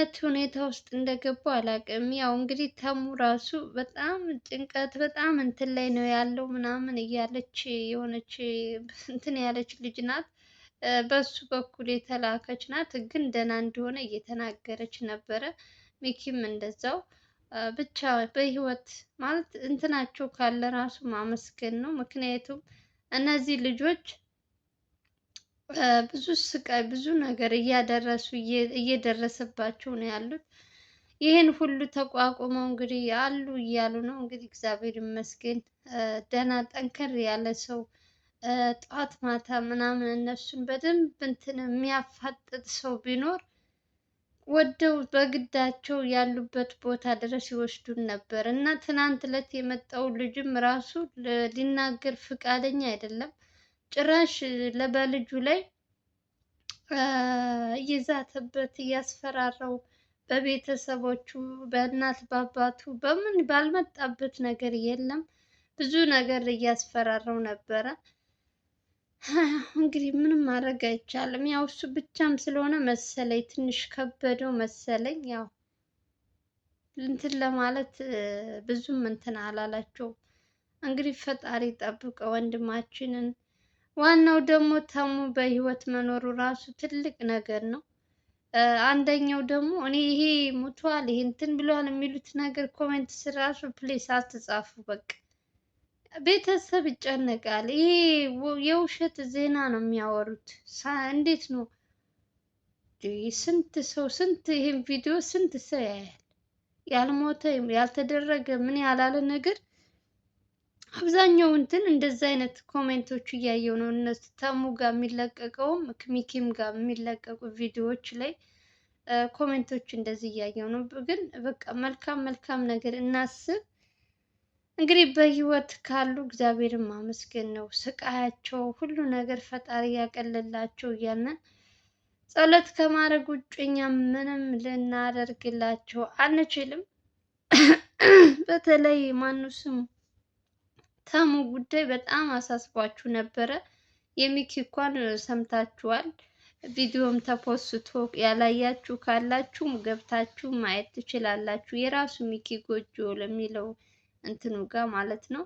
አይነት ሁኔታ ውስጥ እንደገቡ አላውቅም። ያው እንግዲህ ተሙ ራሱ በጣም ጭንቀት በጣም እንትን ላይ ነው ያለው ምናምን እያለች የሆነች እንትን ያለች ልጅ ናት። በሱ በኩል የተላከች ናት፣ ግን ደህና እንደሆነ እየተናገረች ነበረ። ሚኪም እንደዛው ብቻ በህይወት ማለት እንትናቸው ካለ ራሱ ማመስገን ነው። ምክንያቱም እነዚህ ልጆች ብዙ ስቃይ፣ ብዙ ነገር እያደረሱ እየደረሰባቸው ነው ያሉት። ይህን ሁሉ ተቋቁመው እንግዲህ አሉ እያሉ ነው እንግዲህ። እግዚአብሔር ይመስገን ደህና ጠንከር ያለ ሰው ጠዋት ማታ ምናምን እነሱን በደንብ እንትን የሚያፋጥጥ ሰው ቢኖር ወደው በግዳቸው ያሉበት ቦታ ድረስ ይወስዱን ነበር እና ትናንት ዕለት የመጣው ልጅም ራሱ ሊናገር ፈቃደኛ አይደለም። ጭራሽ በልጁ ላይ እየዛተበት እያስፈራራው በቤተሰቦቹ በእናት በአባቱ በምን ባልመጣበት ነገር የለም ብዙ ነገር እያስፈራራው ነበረ። እንግዲህ ምንም ማድረግ አይቻልም። ያው እሱ ብቻም ስለሆነ መሰለኝ ትንሽ ከበደው መሰለኝ። ያው እንትን ለማለት ብዙም እንትን አላላቸውም። እንግዲህ ፈጣሪ ጠብቀ ወንድማችንን ዋናው ደግሞ ተሙ በህይወት መኖሩ ራሱ ትልቅ ነገር ነው። አንደኛው ደግሞ እኔ ይሄ ሙቷል ይሄ እንትን ብለዋል የሚሉት ነገር ኮሜንት ስር ራሱ ፕሌስ አትጻፉ። በቃ ቤተሰብ ይጨነቃል። ይሄ የውሸት ዜና ነው የሚያወሩት። እንዴት ነው ስንት ሰው ስንት ይሄን ቪዲዮ ስንት ሰው ያያል? ያልሞተ ያልተደረገ ምን ያላለ ነገር አብዛኛው እንትን እንደዚህ አይነት ኮሜንቶች እያየው ነው። እነሱ ተሙ ጋር የሚለቀቀውም ክሚኪም ጋር የሚለቀቁ ቪዲዮዎች ላይ ኮሜንቶች እንደዚህ እያየው ነው። ግን በቃ መልካም መልካም ነገር እናስብ። እንግዲህ በህይወት ካሉ እግዚአብሔርን ማመስገን ነው። ስቃያቸው ሁሉ ነገር ፈጣሪ ያቀለላቸው እያልን ጸሎት ከማድረግ ውጭ እኛ ምንም ልናደርግላቸው አንችልም። በተለይ ማኑ ስሙ ተሙ ጉዳይ በጣም አሳስቧችሁ ነበረ። የሚኪ እንኳን ሰምታችኋል። ቪዲዮም ተፖስቶ ያላያችሁ ካላችሁ ገብታችሁ ማየት ትችላላችሁ። የራሱ ሚኪ ጎጆ ለሚለው እንትኑ ጋር ማለት ነው።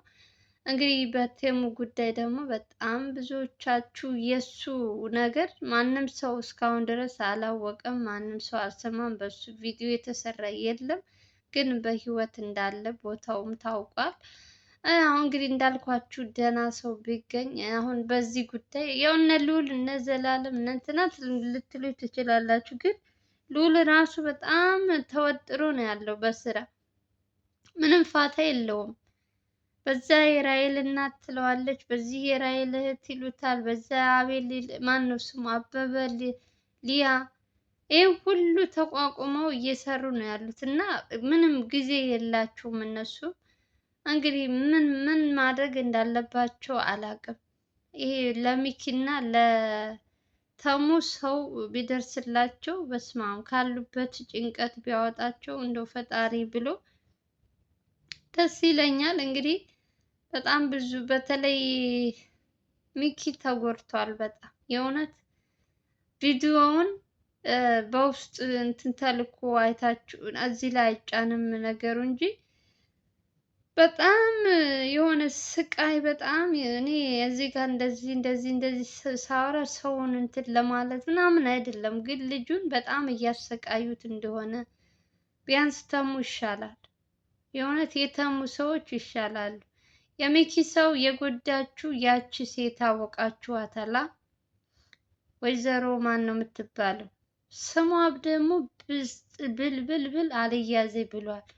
እንግዲህ በቴሙ ጉዳይ ደግሞ በጣም ብዙዎቻችሁ የሱ ነገር ማንም ሰው እስካሁን ድረስ አላወቀም፣ ማንም ሰው አልሰማም፣ በሱ ቪዲዮ የተሰራ የለም። ግን በህይወት እንዳለ ቦታውም ታውቋል። አሁን እንግዲህ እንዳልኳችሁ ደህና ሰው ቢገኝ አሁን በዚህ ጉዳይ ያው እነ ልዑል እነ ዘላለም እነ እንትናት ልትሉ ትችላላችሁ። ግን ልዑል ራሱ በጣም ተወጥሮ ነው ያለው በስራ ምንም ፋታ የለውም። በዛ የራይል እናት ትለዋለች፣ በዚህ የራይል እህት ይሉታል፣ በዛ አቤል ማን ነው ስሙ አበበ ሊያ ይህ ሁሉ ተቋቁመው እየሰሩ ነው ያሉት እና ምንም ጊዜ የላችሁም እነሱ እንግዲህ ምን ምን ማድረግ እንዳለባቸው አላቅም? ይሄ ለሚኪና ለተሙ ሰው ቢደርስላቸው በስማም ካሉበት ጭንቀት ቢያወጣቸው እንደው ፈጣሪ ብሎ ደስ ይለኛል። እንግዲህ በጣም ብዙ በተለይ ሚኪ ተጎድቷል። በጣም የእውነት ቪዲዮውን በውስጥ እንትን ተልኮ አይታችሁ እዚህ ላይ አይጫንም ነገሩ እንጂ በጣም የሆነ ስቃይ በጣም እኔ እዚህ ጋር እንደዚህ እንደዚህ እንደዚህ ሳወራ ሰውን እንትን ለማለት ምናምን አይደለም፣ ግን ልጁን በጣም እያሰቃዩት እንደሆነ ቢያንስ ተሙ ይሻላል። የእውነት የተሙ ሰዎች ይሻላሉ። የሚኪ ሰው የጎዳችሁ ያቺ ሴት አወቃችኋታላ። ወይዘሮ ማን ነው የምትባለው? ስሟ ደግሞ ብልብልብል አልያዜ ብሏል።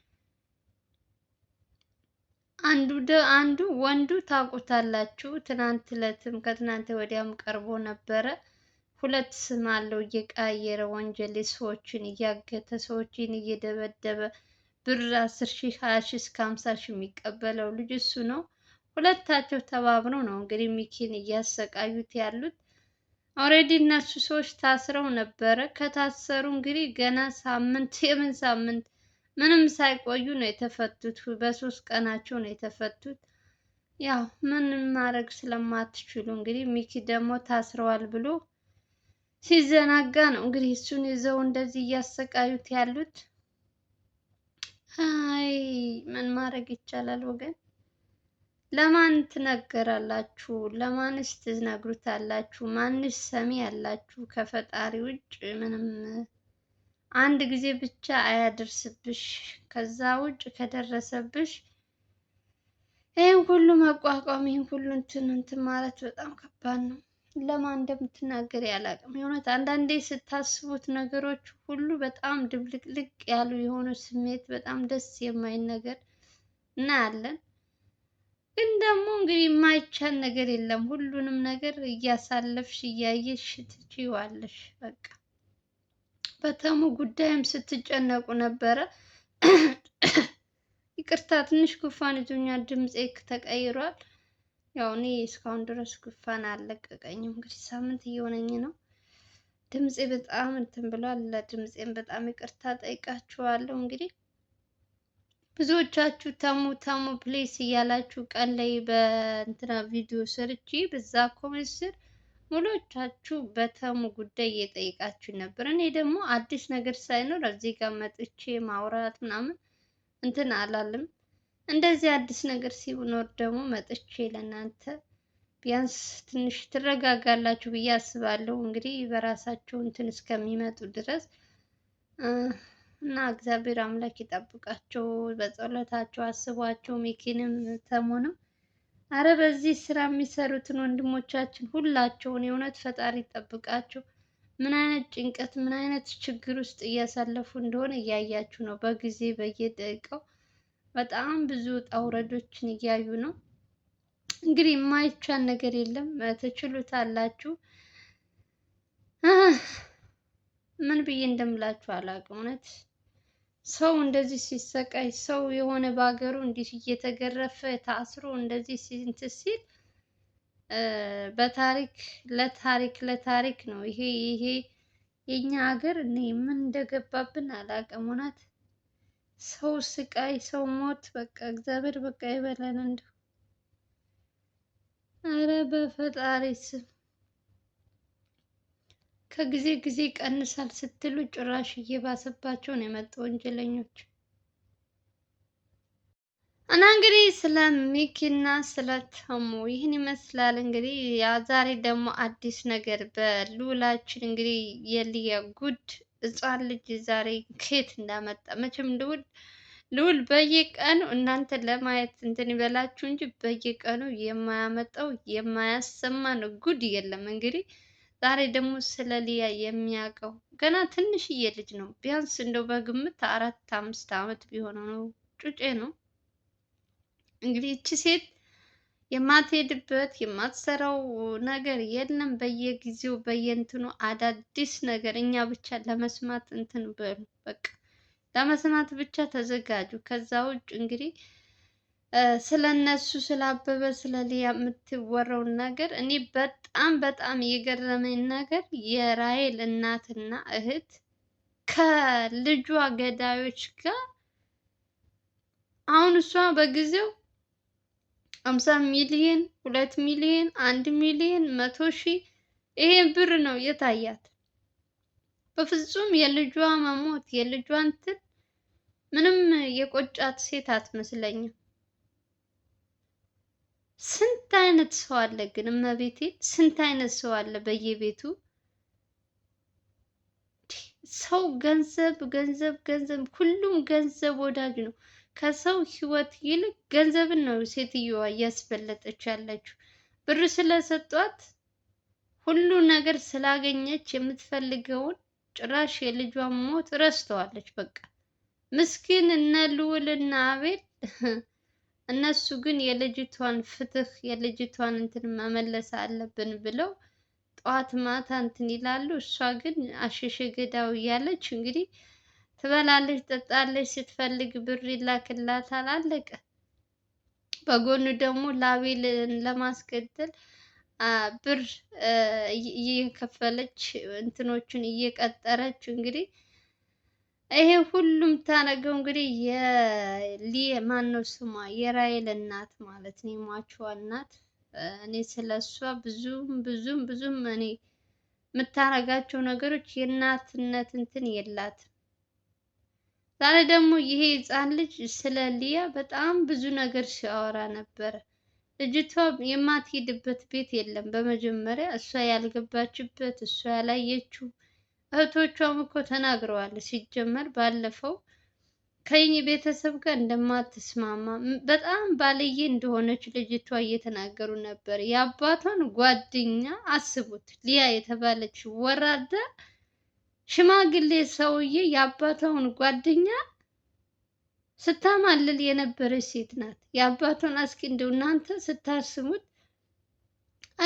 አንዱ አንዱ ወንዱ ታውቁታላችሁ። ትናንት ዕለትም ከትናንት ወዲያም ቀርቦ ነበረ። ሁለት ስም አለው እየቀያየረ ወንጀሌ ሰዎችን እያገተ ሰዎችን እየደበደበ ብር አስር ሺህ ሀያ ሺህ እስከ ሀምሳ ሺህ የሚቀበለው ልጅ እሱ ነው። ሁለታቸው ተባብረው ነው እንግዲህ ሚኪን እያሰቃዩት ያሉት። ኦልሬዲ እነሱ ሰዎች ታስረው ነበረ። ከታሰሩ እንግዲህ ገና ሳምንት የምን ሳምንት ምንም ሳይቆዩ ነው የተፈቱት። በሶስት ቀናቸው ነው የተፈቱት። ያው ምን ማድረግ ስለማትችሉ እንግዲህ ሚኪ ደግሞ ታስረዋል ብሎ ሲዘናጋ ነው እንግዲህ እሱን ይዘው እንደዚህ እያሰቃዩት ያሉት። አይ ምን ማድረግ ይቻላል ወገን? ለማን ትነገራላችሁ? ለማንስ ትነግሩታላችሁ? ማንስ ሰሚ ያላችሁ? ከፈጣሪ ውጭ ምንም አንድ ጊዜ ብቻ አያደርስብሽ። ከዛ ውጭ ከደረሰብሽ ይህን ሁሉ መቋቋም ይህን ሁሉ እንትን እንትን ማለት በጣም ከባድ ነው። ለማን እንደምትናገር ያላቅም የእውነት አንዳንዴ ስታስቡት ነገሮች ሁሉ በጣም ድብልቅልቅ ያሉ የሆኑ ስሜት በጣም ደስ የማይል ነገር እናያለን። ግን ደግሞ እንግዲህ የማይቻል ነገር የለም። ሁሉንም ነገር እያሳለፍሽ እያየሽ ትችይዋለሽ በቃ በተሙ ጉዳይም ስትጨነቁ ነበረ። ይቅርታ ትንሽ ጉፋን ይዞኛል፣ ድምፄ ተቀይሯል። ያው እኔ እስካሁን ድረስ ጉፋን አልለቀቀኝም። እንግዲህ ሳምንት እየሆነኝ ነው። ድምፄ በጣም እንትን ብሏል። ለድምፄም በጣም ይቅርታ ጠይቃችኋለሁ። እንግዲህ ብዙዎቻችሁ ተሙ ተሙ ፕሌስ እያላችሁ ቀን ላይ በእንትና ቪዲዮ ሰርቼ በዛ ኮሜንት ስር ሙሉዎቻችሁ በተሙ ጉዳይ እየጠየቃችሁ ነበር። እኔ ደግሞ አዲስ ነገር ሳይኖር እዚህ ጋር መጥቼ ማውራት ምናምን እንትን አላልም። እንደዚህ አዲስ ነገር ሲኖር ደግሞ መጥቼ ለእናንተ ቢያንስ ትንሽ ትረጋጋላችሁ ብዬ አስባለሁ። እንግዲህ በራሳቸው እንትን እስከሚመጡ ድረስ እና እግዚአብሔር አምላክ ይጠብቃቸው፣ በጸሎታቸው አስቧቸው፣ ሚኪንም ተሙንም አረ በዚህ ስራ የሚሰሩትን ወንድሞቻችን ሁላቸውን የእውነት ፈጣሪ ይጠብቃቸው። ምን አይነት ጭንቀት፣ ምን አይነት ችግር ውስጥ እያሳለፉ እንደሆነ እያያችሁ ነው። በጊዜ በየደቂቃው በጣም ብዙ ውጣ ውረዶችን እያዩ ነው። እንግዲህ የማይቻል ነገር የለም፣ ትችሉታላችሁ። ምን ብዬ እንደምላችሁ አላውቅም እውነት ሰው እንደዚህ ሲሰቃይ ሰው የሆነ በሀገሩ እንዲህ እየተገረፈ ታስሮ እንደዚህ ሲንት ሲል በታሪክ ለታሪክ ለታሪክ ነው። ይሄ ይሄ የኛ ሀገር እኔ ምን እንደገባብን አላውቅም። እውነት ሰው ስቃይ፣ ሰው ሞት፣ በቃ እግዚአብሔር በቃ ይበለን እንደው አረ በፈጣሪ ስም ከጊዜ ጊዜ ይቀንሳል ስትሉ ጭራሽ እየባሰባቸው ነው የመጡ ወንጀለኞች። እና እንግዲህ ስለ ሚኪ እና ስለ ተሙ ይህን ይመስላል። እንግዲህ ዛሬ ደግሞ አዲስ ነገር በሉላችን እንግዲህ የልያ ጉድ ሕፃን ልጅ ዛሬ ኬት እንዳመጣ መቼም ልውል ልውል በየቀኑ እናንተ ለማየት እንትን ይበላችሁ እንጂ በየቀኑ የማያመጣው ነው ጉድ የለም እንግዲህ ዛሬ ደግሞ ስለ ሊያ የሚያውቀው ገና ትንሽዬ ልጅ ነው። ቢያንስ እንደው በግምት አራት አምስት አመት ቢሆነው ነው። ጩጬ ነው እንግዲህ እቺ ሴት የማትሄድበት የማትሰራው ነገር የለም። በየጊዜው በየእንትኑ አዳዲስ ነገር እኛ ብቻ ለመስማት እንትን በሉ በቃ ለመስማት ብቻ ተዘጋጁ። ከዛ ውጭ እንግዲህ ስለ እነሱ ስለ አበበ ስለ የምትወራውን ነገር እኔ በጣም በጣም የገረመኝ ነገር የራይል እናትና እህት ከልጇ ገዳዮች ጋር አሁን እሷ በጊዜው አምሳ ሚሊየን ሁለት ሚሊየን አንድ ሚሊየን መቶ ሺህ ይሄ ብር ነው የታያት። በፍጹም የልጇ መሞት የልጇ እንትን ምንም የቆጫት ሴት አትመስለኝም። ስንት አይነት ሰው አለ ግን እመቤቴ፣ ስንት አይነት ሰው አለ በየቤቱ ሰው ገንዘብ ገንዘብ ገንዘብ፣ ሁሉም ገንዘብ ወዳጅ ነው። ከሰው ህይወት ይልቅ ገንዘብን ነው ሴትዮዋ እያስበለጠች ያለችው። ብር ስለሰጧት ሁሉ ነገር ስላገኘች የምትፈልገውን ጭራሽ የልጇን ሞት ረስተዋለች። በቃ ምስኪን እነ ልዑል እና አቤል እነሱ ግን የልጅቷን ፍትህ የልጅቷን እንትን መመለስ አለብን ብለው ጠዋት ማታ እንትን ይላሉ። እሷ ግን አሸሸ ገዳው እያለች እንግዲህ ትበላለች፣ ጠጣለች፣ ስትፈልግ ብር ይላክላታል። አለቀ። በጎኑ ደግሞ ላቤልን ለማስገደል ብር እየከፈለች እንትኖችን እየቀጠረች እንግዲህ ይሄ ሁሉም ታነገው እንግዲህ የማን ነው ስሟ? የራይል እናት ማለት ነው፣ የሟቹዋ እናት። እኔ ስለ እሷ ብዙም ብዙም ብዙም እኔ የምታረጋቸው ነገሮች የእናትነት እንትን የላትም። ዛሬ ደግሞ ይሄ ህፃን ልጅ ስለ ሊያ በጣም ብዙ ነገር ሲያወራ ነበረ። ልጅቷ የማትሄድበት ቤት የለም። በመጀመሪያ እሷ ያልገባችበት እሷ ያላየችው እህቶቿም እኮ ተናግረዋል። ሲጀመር ባለፈው ከኝ ቤተሰብ ጋር እንደማትስማማ በጣም ባልዬ እንደሆነች ልጅቷ እየተናገሩ ነበር። የአባቷን ጓደኛ አስቡት፣ ሊያ የተባለች ወራዳ ሽማግሌ ሰውዬ የአባቷን ጓደኛ ስታማልል የነበረች ሴት ናት። የአባቷን አስኪ እንደው እናንተ ስታስቡት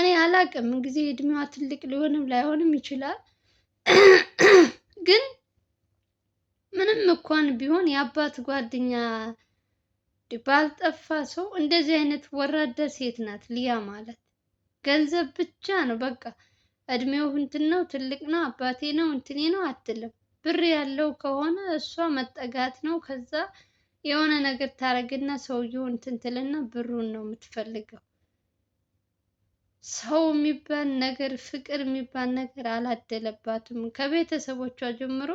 እኔ አላቅም። እንግዲህ እድሜዋ ትልቅ ሊሆንም ላይሆንም ይችላል ግን ምንም እንኳን ቢሆን የአባት ጓደኛ ባልጠፋ ሰው እንደዚህ አይነት ወራዳ ሴት ናት ሊያ ማለት። ገንዘብ ብቻ ነው በቃ። እድሜው እንትን ነው ትልቅ ነው አባቴ ነው እንትኔ ነው አትልም። ብር ያለው ከሆነ እሷ መጠጋት ነው። ከዛ የሆነ ነገር ታረግና ሰውየው እንትን ትልና ብሩን ነው የምትፈልገው። ሰው የሚባል ነገር ፍቅር የሚባል ነገር አላደለባትም። ከቤተሰቦቿ ጀምሮ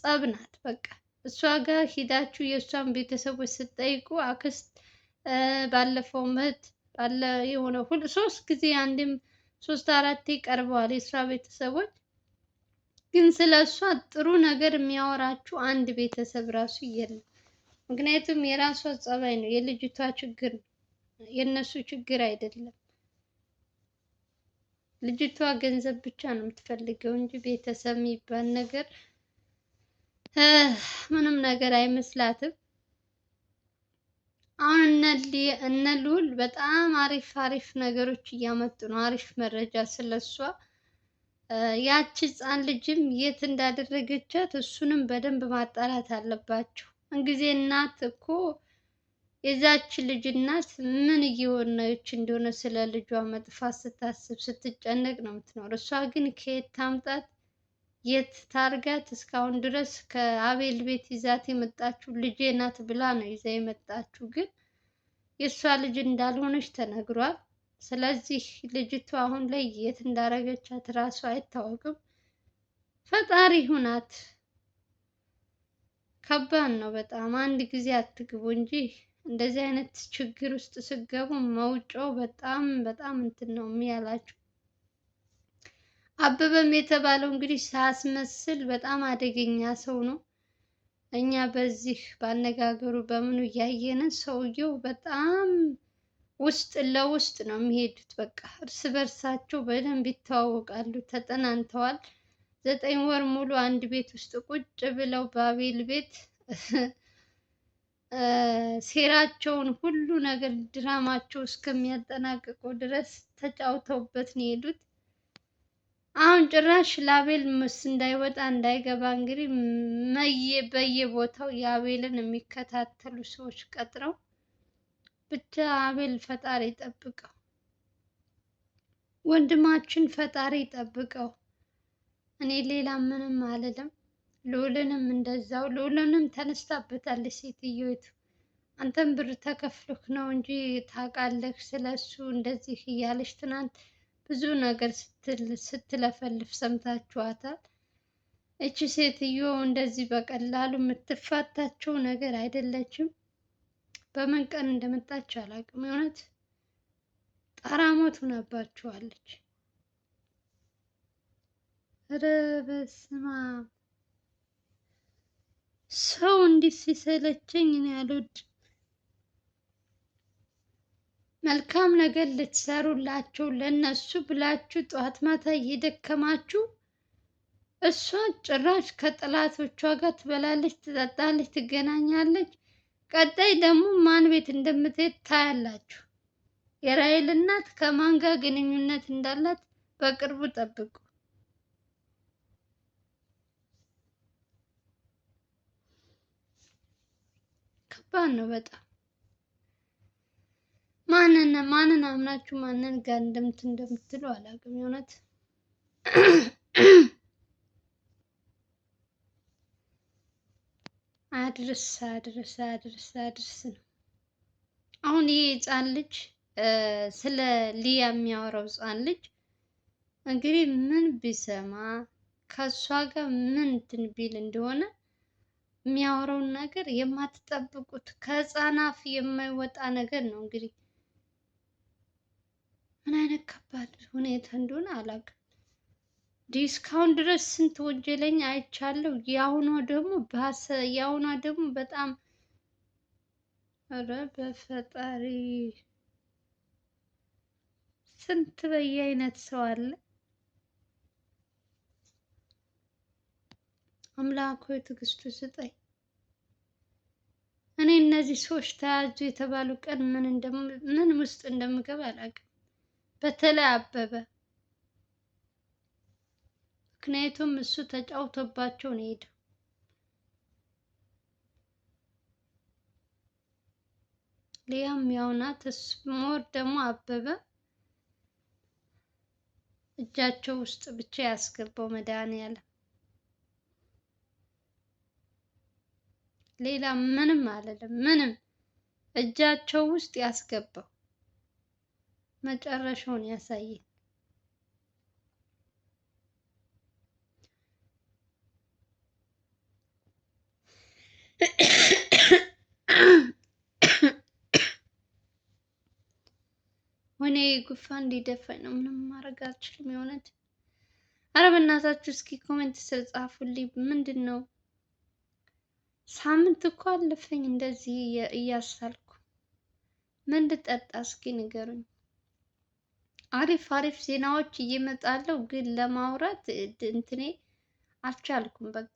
ጸብ ናት። በቃ እሷ ጋር ሂዳችሁ የእሷን ቤተሰቦች ስጠይቁ አክስት፣ ባለፈው ምህት ባለ የሆነ ሁሉ ሶስት ጊዜ አንድም ሶስት አራቴ ቀርበዋል የእሷ ቤተሰቦች። ግን ስለ እሷ ጥሩ ነገር የሚያወራችሁ አንድ ቤተሰብ ራሱ የለም። ምክንያቱም የራሷ ጸባይ ነው፣ የልጅቷ ችግር ነው፣ የእነሱ ችግር አይደለም። ልጅቷ ገንዘብ ብቻ ነው የምትፈልገው እንጂ ቤተሰብ የሚባል ነገር ምንም ነገር አይመስላትም። አሁን እነ ልዑል በጣም አሪፍ አሪፍ ነገሮች እያመጡ ነው፣ አሪፍ መረጃ ስለሷ። ያቺ ሕፃን ልጅም የት እንዳደረገቻት እሱንም በደንብ ማጣራት አለባቸው። እንጊዜ እናት እኮ የዛች ልጅ እናት ምን እየሆነች እንደሆነ ስለ ልጇ መጥፋት ስታስብ ስትጨነቅ ነው የምትኖር። እሷ ግን ከየት ታምጣት የት ታርጋት? እስካሁን ድረስ ከአቤል ቤት ይዛት የመጣችው ልጄ ናት ብላ ነው ይዛ የመጣችው። ግን የእሷ ልጅ እንዳልሆነች ተነግሯል። ስለዚህ ልጅቷ አሁን ላይ የት እንዳረገቻት ራሱ አይታወቅም። ፈጣሪ ሁናት። ከባድ ነው በጣም። አንድ ጊዜ አትግቡ እንጂ እንደዚህ አይነት ችግር ውስጥ ስገቡ መውጫው በጣም በጣም እንትን ነው የሚያላችሁ። አበበም የተባለው እንግዲህ ሳስመስል በጣም አደገኛ ሰው ነው። እኛ በዚህ ባነጋገሩ በምኑ እያየን ሰውየው በጣም ውስጥ ለውስጥ ነው የሚሄዱት። በቃ እርስ በርሳቸው በደንብ ይተዋወቃሉ፣ ተጠናንተዋል። ዘጠኝ ወር ሙሉ አንድ ቤት ውስጥ ቁጭ ብለው ባቤል ቤት ሴራቸውን ሁሉ ነገር ድራማቸው እስከሚያጠናቅቁ ድረስ ተጫውተውበት ነው የሄዱት። አሁን ጭራሽ ለአቤል ምስ እንዳይወጣ እንዳይገባ እንግዲህ መየ በየቦታው የአቤልን የሚከታተሉ ሰዎች ቀጥረው ብቻ አቤል ፈጣሪ ይጠብቀው፣ ወንድማችን ፈጣሪ ይጠብቀው። እኔ ሌላ ምንም አልልም። ልዑልንም እንደዛው ልዑልንም ተነስታበታለች ሴትዮቱ። አንተም ብር ተከፍሎክ ነው እንጂ ታውቃለህ ስለሱ እንደዚህ እያለች ትናንት ብዙ ነገር ስትለፈልፍ ሰምታችኋታል። እቺ ሴትዮ እንደዚህ በቀላሉ የምትፋታቸው ነገር አይደለችም። በምን ቀን እንደመጣች አላውቅም። እውነት ጣራሞት ሆናባችኋለች። ኧረ በስመ አብ ሰው እንዴት ሲሰለቸኝ እኔ አልወድም። መልካም ነገር ልትሰሩላቸው ለነሱ ብላችሁ ጠዋት ማታ እየደከማችሁ፣ እሷ ጭራሽ ከጠላቶቿ ጋር ትበላለች፣ ትጠጣለች፣ ትገናኛለች። ቀጣይ ደግሞ ማን ቤት እንደምትሄድ ታያላችሁ። የራይል እናት ከማን ጋር ግንኙነት እንዳላት በቅርቡ ጠብቁ። ከባድ ነው በጣም። ማንን ማንን አምናችሁ ማንን ጋር እንደምት እንደምትሉ አላውቅም የእውነት አድርስ አድርስ አድርስ አድርስ ነው። አሁን ይሄ ህፃን ልጅ ስለ ሊያ የሚያወራው ህፃን ልጅ እንግዲህ ምን ቢሰማ ከእሷ ጋር ምን እንትን ቢል እንደሆነ የሚያወራውን ነገር የማትጠብቁት ከህፃን አፍ የማይወጣ ነገር ነው። እንግዲህ ምን አይነት ከባድ ሁኔታ እንደሆነ አላውቅም። እስካሁን ድረስ ስንት ወንጀለኛ አይቻለሁ። የአሁኗ ደግሞ ባሰ። የአሁኗ ደግሞ በጣም ኧረ በፈጣሪ ስንት በየአይነት ሰው አለ። አምላክ ሆይ ትዕግስቱ ስጠኝ። እኔ እነዚህ ሰዎች ተያዙ የተባሉ ቀን ምን ውስጥ እንደምገባ አላውቅም። በተለይ አበበ፣ ምክንያቱም እሱ ተጫውቶባቸው ነው የሄደው። ሊያም ያው ናት። ሞር ደግሞ አበበ እጃቸው ውስጥ ብቻ ያስገባው መድኃኒዓለም ሌላ ምንም አልልም። ምንም እጃቸው ውስጥ ያስገባው መጨረሻውን ያሳየን። ወይኔ ጉንፋን እንዲደፋኝ ነው። ምንም ማድረግ አልችልም። የሆነት አረ በእናታችሁ እስኪ ኮሜንት ስር ጻፉልኝ ምንድን ነው ሳምንት እኮ አለፈኝ እንደዚህ እያሳልኩ። ምን ልጠጣ እስኪ ንገሩኝ። አሪፍ አሪፍ ዜናዎች እየመጣለሁ ግን ለማውራት እንትኔ አልቻልኩም። በቃ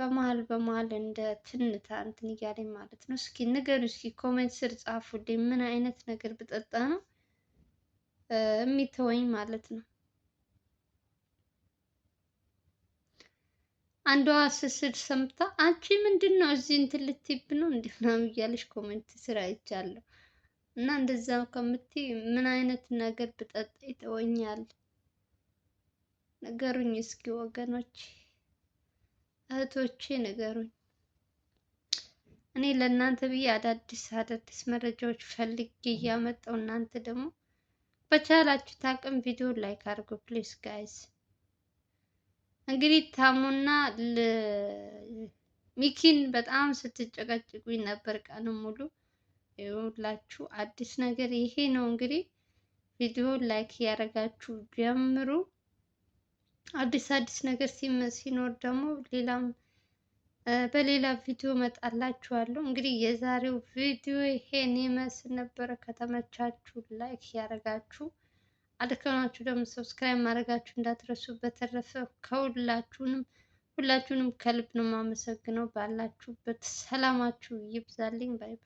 በመሀል በመሀል እንደ ትንታ እንትን እያለኝ ማለት ነው። እስኪ ንገሩ፣ እስኪ ኮሜንት ስር ጻፉልኝ። ምን አይነት ነገር ብጠጣ ነው የሚተወኝ ማለት ነው? አንዷ ስስድ ሰምታ አንቺ ምንድን ነው እዚህ እንትን ልትይብ ነው እንዲህ ምናምን እያለች ኮሜንት ስራ ይቻለሁ እና እንደዛ ከምትይ ምን አይነት ነገር ብጠጣ ይተወኛል? ነገሩኝ እስኪ ወገኖች፣ እህቶቼ ነገሩኝ። እኔ ለእናንተ ብዬ አዳዲስ አዳዲስ መረጃዎች ፈልጌ እያመጣው እናንተ ደግሞ በቻላችሁ ታቅም ቪዲዮ ላይክ አድርጉ ፕሊስ ጋይስ። እንግዲህ ታሙና ሚኪን በጣም ስትጨቀጭቁኝ ነበር ቀኑ ሙሉ። ይኸውላችሁ አዲስ ነገር ይሄ ነው። እንግዲህ ቪዲዮ ላይክ እያደረጋችሁ ጀምሩ። አዲስ አዲስ ነገር ሲኖር ደግሞ ሌላም በሌላ ቪዲዮ መጣላችኋለሁ። እንግዲህ የዛሬው ቪዲዮ ይሄን ይመስል ነበረ። ከተመቻችሁ ላይክ እያደረጋችሁ አድርገናችሁ ደግሞ ሰብስክራይብ ማድረጋችሁ እንዳትረሱ። በተረፈ ከሁላችሁንም ሁላችሁንም ከልብ ነው የማመሰግነው። ባላችሁበት ሰላማችሁ ይብዛልኝ። ባይ ባይ።